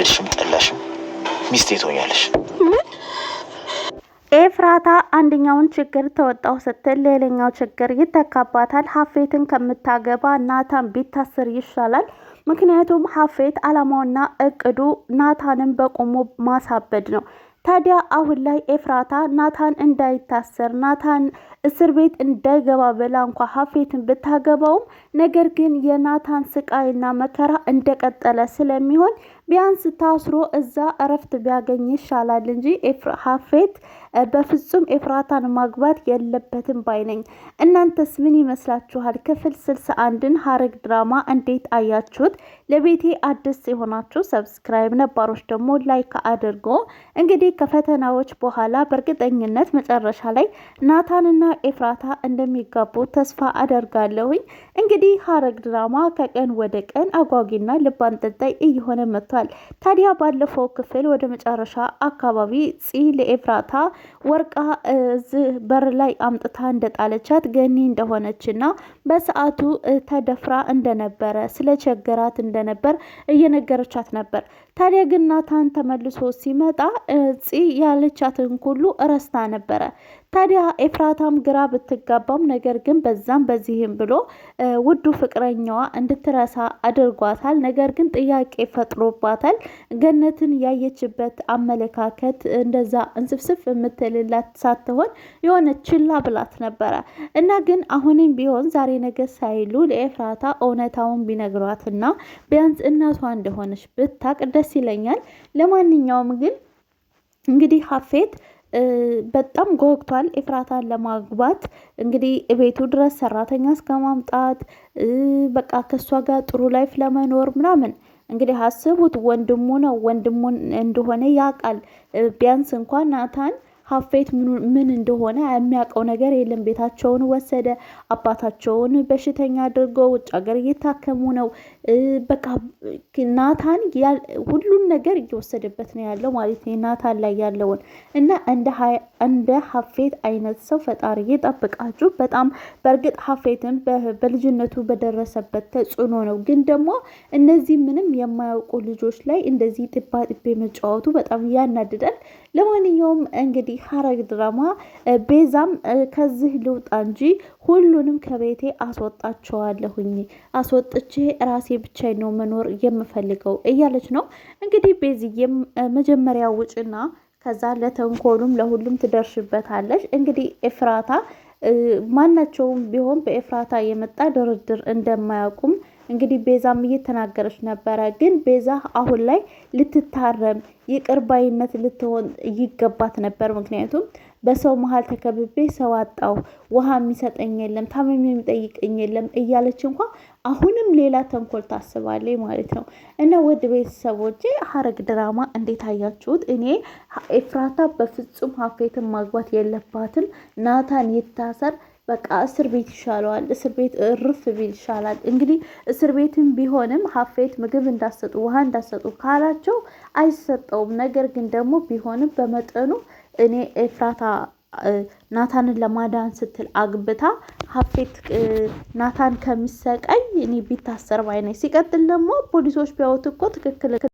ወደድሽም ጠላሽም ሚስቴ ትሆኛለሽ። ኤፍራታ አንደኛውን ችግር ተወጣው ስትል ሌላኛው ችግር ይተካባታል። ሀፌትን ከምታገባ ናታን ቢታስር ይሻላል። ምክንያቱም ሀፌት አላማውና እቅዱ ናታንን በቆሞ ማሳበድ ነው። ታዲያ አሁን ላይ ኤፍራታ ናታን እንዳይታሰር ናታን እስር ቤት እንዳይገባ ብላ እንኳ ሀፌትን ብታገባውም ነገር ግን የናታን ስቃይና መከራ እንደቀጠለ ስለሚሆን ቢያንስ ታስሮ እዛ እረፍት ቢያገኝ ይሻላል እንጂ ሀፌት በፍጹም ኤፍራታን ማግባት የለበትም ባይ ነኝ። እናንተስ ምን ይመስላችኋል? ክፍል ስልሳ አንድን ሀረግ ድራማ እንዴት አያችሁት? ለቤቴ አዲስ የሆናችሁ ሰብስክራይብ፣ ነባሮች ደግሞ ላይክ አድርጎ እንግዲህ ከእነዚህ ከፈተናዎች በኋላ በእርግጠኝነት መጨረሻ ላይ ናታንና ኤፍራታ እንደሚጋቡ ተስፋ አደርጋለሁኝ። እንግዲህ ሀረግ ድራማ ከቀን ወደ ቀን አጓጊና ልብ አንጠልጣይ እየሆነ መጥቷል። ታዲያ ባለፈው ክፍል ወደ መጨረሻ አካባቢ ፂ ለኤፍራታ ወርቃ እዚህ በር ላይ አምጥታ እንደጣለቻት ገኒ እንደሆነችና በሰዓቱ ተደፍራ እንደነበረ ስለቸገራት እንደነበር እየነገረቻት ነበር። ታዲያ ግን ናታን ተመልሶ ሲመጣ ፍፄ ያለቻትን ሁሉ እረስታ ነበረ። ታዲያ ኤፍራታም ግራ ብትጋባም ነገር ግን በዛም በዚህም ብሎ ውዱ ፍቅረኛዋ እንድትረሳ አድርጓታል። ነገር ግን ጥያቄ ፈጥሮባታል። ገነትን ያየችበት አመለካከት እንደዛ እንስፍስፍ የምትልላት ሳትሆን የሆነ ችላ ብላት ነበረ እና ግን አሁንም ቢሆን ዛሬ ነገር ሳይሉ ለኤፍራታ እውነታውን ቢነግሯትና ቢያንስ እናቷ እንደሆነች ብታቅ ደስ ይለኛል። ለማንኛውም ግን እንግዲህ ሀፌት በጣም ጓጉቷል ኤፍራታን ለማግባት። እንግዲህ ቤቱ ድረስ ሰራተኛ እስከ ማምጣት በቃ ከእሷ ጋር ጥሩ ላይፍ ለመኖር ምናምን እንግዲህ አስቡት። ወንድሙ ነው ወንድሙ እንደሆነ ያውቃል። ቢያንስ እንኳን ናታን ሀፌት ምን እንደሆነ የሚያውቀው ነገር የለም። ቤታቸውን ወሰደ። አባታቸውን በሽተኛ አድርጎ ውጭ ሀገር እየታከሙ ነው። በቃ ናታን ሁሉን ነገር እየወሰደበት ነው ያለው ማለት ነው። ናታን ላይ ያለውን እና እንደ ሀፌት አይነት ሰው ፈጣሪ እየጠብቃችሁ። በጣም በእርግጥ ሀፌትን በልጅነቱ በደረሰበት ተጽዕኖ ነው፣ ግን ደግሞ እነዚህ ምንም የማያውቁ ልጆች ላይ እንደዚህ ጥባጥቤ መጫወቱ በጣም ያናድዳል። ለማንኛውም እንግዲህ ሀረግ ድራማ ቤዛም ከዚህ ልውጣ እንጂ ሁሉንም ከቤቴ አስወጣቸዋለሁኝ አስወጥቼ ራሴ ብቻ ነው መኖር የምፈልገው እያለች ነው እንግዲህ። ቤዝዬም መጀመሪያ ውጭና ከዛ ለተንኮሉም ለሁሉም ትደርሽበታለች። እንግዲህ ኤፍራታ ማናቸውም ቢሆን በኤፍራታ የመጣ ድርድር እንደማያውቁም እንግዲህ ቤዛም እየተናገረች ነበረ። ግን ቤዛ አሁን ላይ ልትታረም ይቅር ባይነት ልትሆን ይገባት ነበር። ምክንያቱም በሰው መሀል ተከብቤ ሰው አጣሁ፣ ውሃ የሚሰጠኝ የለም፣ ታመም የሚጠይቀኝ የለም እያለች እንኳ አሁንም ሌላ ተንኮል ታስባለች ማለት ነው። እና ወድ ቤተሰቦቼ ሀረግ ድራማ እንዴት አያችሁት? እኔ ኤፍራታ በፍጹም ሀፌትን ማግባት የለባትም ናታን ይታሰር በቃ እስር ቤት ይሻለዋል፣ እስር ቤት እርፍ ቢል ይሻላል። እንግዲህ እስር ቤትም ቢሆንም ሀፌት ምግብ እንዳሰጡ ውሃ እንዳሰጡ ካላቸው አይሰጠውም። ነገር ግን ደግሞ ቢሆንም በመጠኑ እኔ ኤፍራታ ናታንን ለማዳን ስትል አግብታ ሀፌት ናታን ከሚሰቃይ እኔ ቢታሰር ባይ ሲቀጥል ደግሞ ፖሊሶች ቢያወት እኮ ትክክል